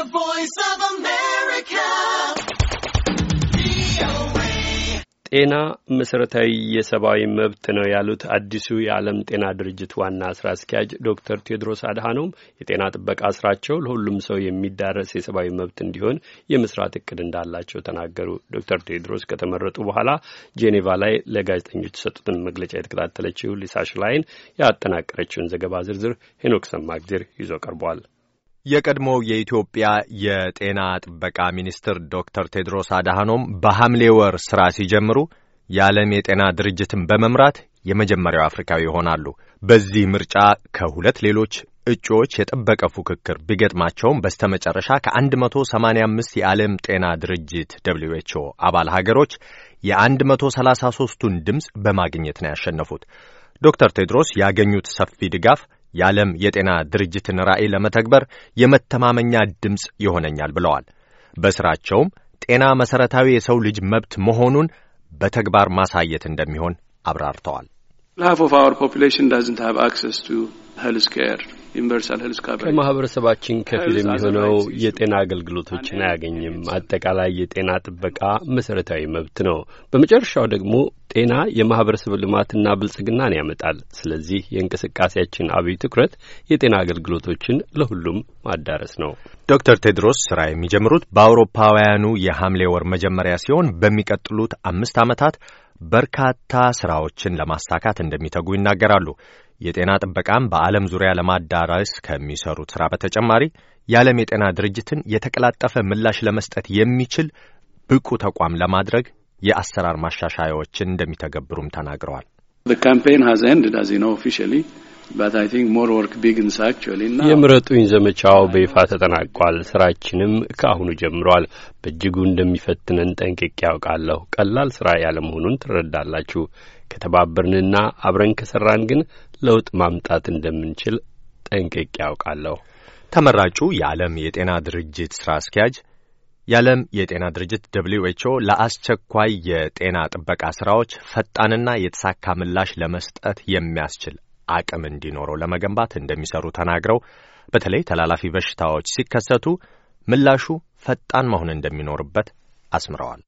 The Voice of America. ጤና መሰረታዊ የሰብአዊ መብት ነው ያሉት አዲሱ የዓለም ጤና ድርጅት ዋና ስራ አስኪያጅ ዶክተር ቴድሮስ አድሃኖም የጤና ጥበቃ ስራቸው ለሁሉም ሰው የሚዳረስ የሰብአዊ መብት እንዲሆን የመስራት እቅድ እንዳላቸው ተናገሩ። ዶክተር ቴድሮስ ከተመረጡ በኋላ ጄኔቫ ላይ ለጋዜጠኞች የሰጡትን መግለጫ የተከታተለችው ሊሳሽ ላይን ያጠናቀረችውን ዘገባ ዝርዝር ሄኖክ ሰማግዜር ይዞ ቀርቧል። የቀድሞው የኢትዮጵያ የጤና ጥበቃ ሚኒስትር ዶክተር ቴድሮስ አድሃኖም በሐምሌ ወር ሥራ ሲጀምሩ የዓለም የጤና ድርጅትን በመምራት የመጀመሪያው አፍሪካዊ ይሆናሉ። በዚህ ምርጫ ከሁለት ሌሎች እጩዎች የጠበቀ ፉክክር ቢገጥማቸውም በስተመጨረሻ ከ185 የዓለም ጤና ድርጅት ደብልዩ ኤች ኦ አባል ሀገሮች የ133ቱን ድምፅ በማግኘት ነው ያሸነፉት። ዶክተር ቴድሮስ ያገኙት ሰፊ ድጋፍ የዓለም የጤና ድርጅትን ራዕይ ለመተግበር የመተማመኛ ድምፅ ይሆነኛል ብለዋል። በሥራቸውም ጤና መሠረታዊ የሰው ልጅ መብት መሆኑን በተግባር ማሳየት እንደሚሆን አብራርተዋል። ሃፍ ኦፍ our population ዳዝንት have አክሰስ ቱ ሄልስ ኬር ዩኒቨርሳል ሄልስ ካቨሬጅ ከማህበረሰባችን ከፊል የሚሆነው የጤና አገልግሎቶችን አያገኝም። አጠቃላይ የጤና ጥበቃ መሰረታዊ መብት ነው። በመጨረሻው ደግሞ ጤና የማህበረሰብ ልማትና ብልጽግናን ያመጣል። ስለዚህ የእንቅስቃሴያችን አብይ ትኩረት የጤና አገልግሎቶችን ለሁሉም ማዳረስ ነው። ዶክተር ቴድሮስ ስራ የሚጀምሩት በአውሮፓውያኑ የሐምሌ ወር መጀመሪያ ሲሆን በሚቀጥሉት አምስት ዓመታት በርካታ ስራዎችን ለማሳካት እንደሚተጉ ይናገራሉ። የጤና ጥበቃም በዓለም ዙሪያ ለማዳረስ ከሚሰሩት ስራ በተጨማሪ የዓለም የጤና ድርጅትን የተቀላጠፈ ምላሽ ለመስጠት የሚችል ብቁ ተቋም ለማድረግ የአሰራር ማሻሻያዎችን እንደሚተገብሩም ተናግረዋል። የምረጡኝ ዘመቻው በይፋ ተጠናቋል። ስራችንም ከአሁኑ ጀምሯል። በእጅጉ እንደሚፈትነን ጠንቅቄ ያውቃለሁ። ቀላል ስራ ያለመሆኑን ትረዳላችሁ። ከተባበርንና አብረን ከሰራን ግን ለውጥ ማምጣት እንደምንችል ጠንቅቄ ያውቃለሁ። ተመራጩ የዓለም የጤና ድርጅት ስራ አስኪያጅ የዓለም የጤና ድርጅት ደብሊው ኤች ኦ ለአስቸኳይ የጤና ጥበቃ ስራዎች ፈጣንና የተሳካ ምላሽ ለመስጠት የሚያስችል አቅም እንዲኖረው ለመገንባት እንደሚሰሩ ተናግረው በተለይ ተላላፊ በሽታዎች ሲከሰቱ ምላሹ ፈጣን መሆን እንደሚኖርበት አስምረዋል።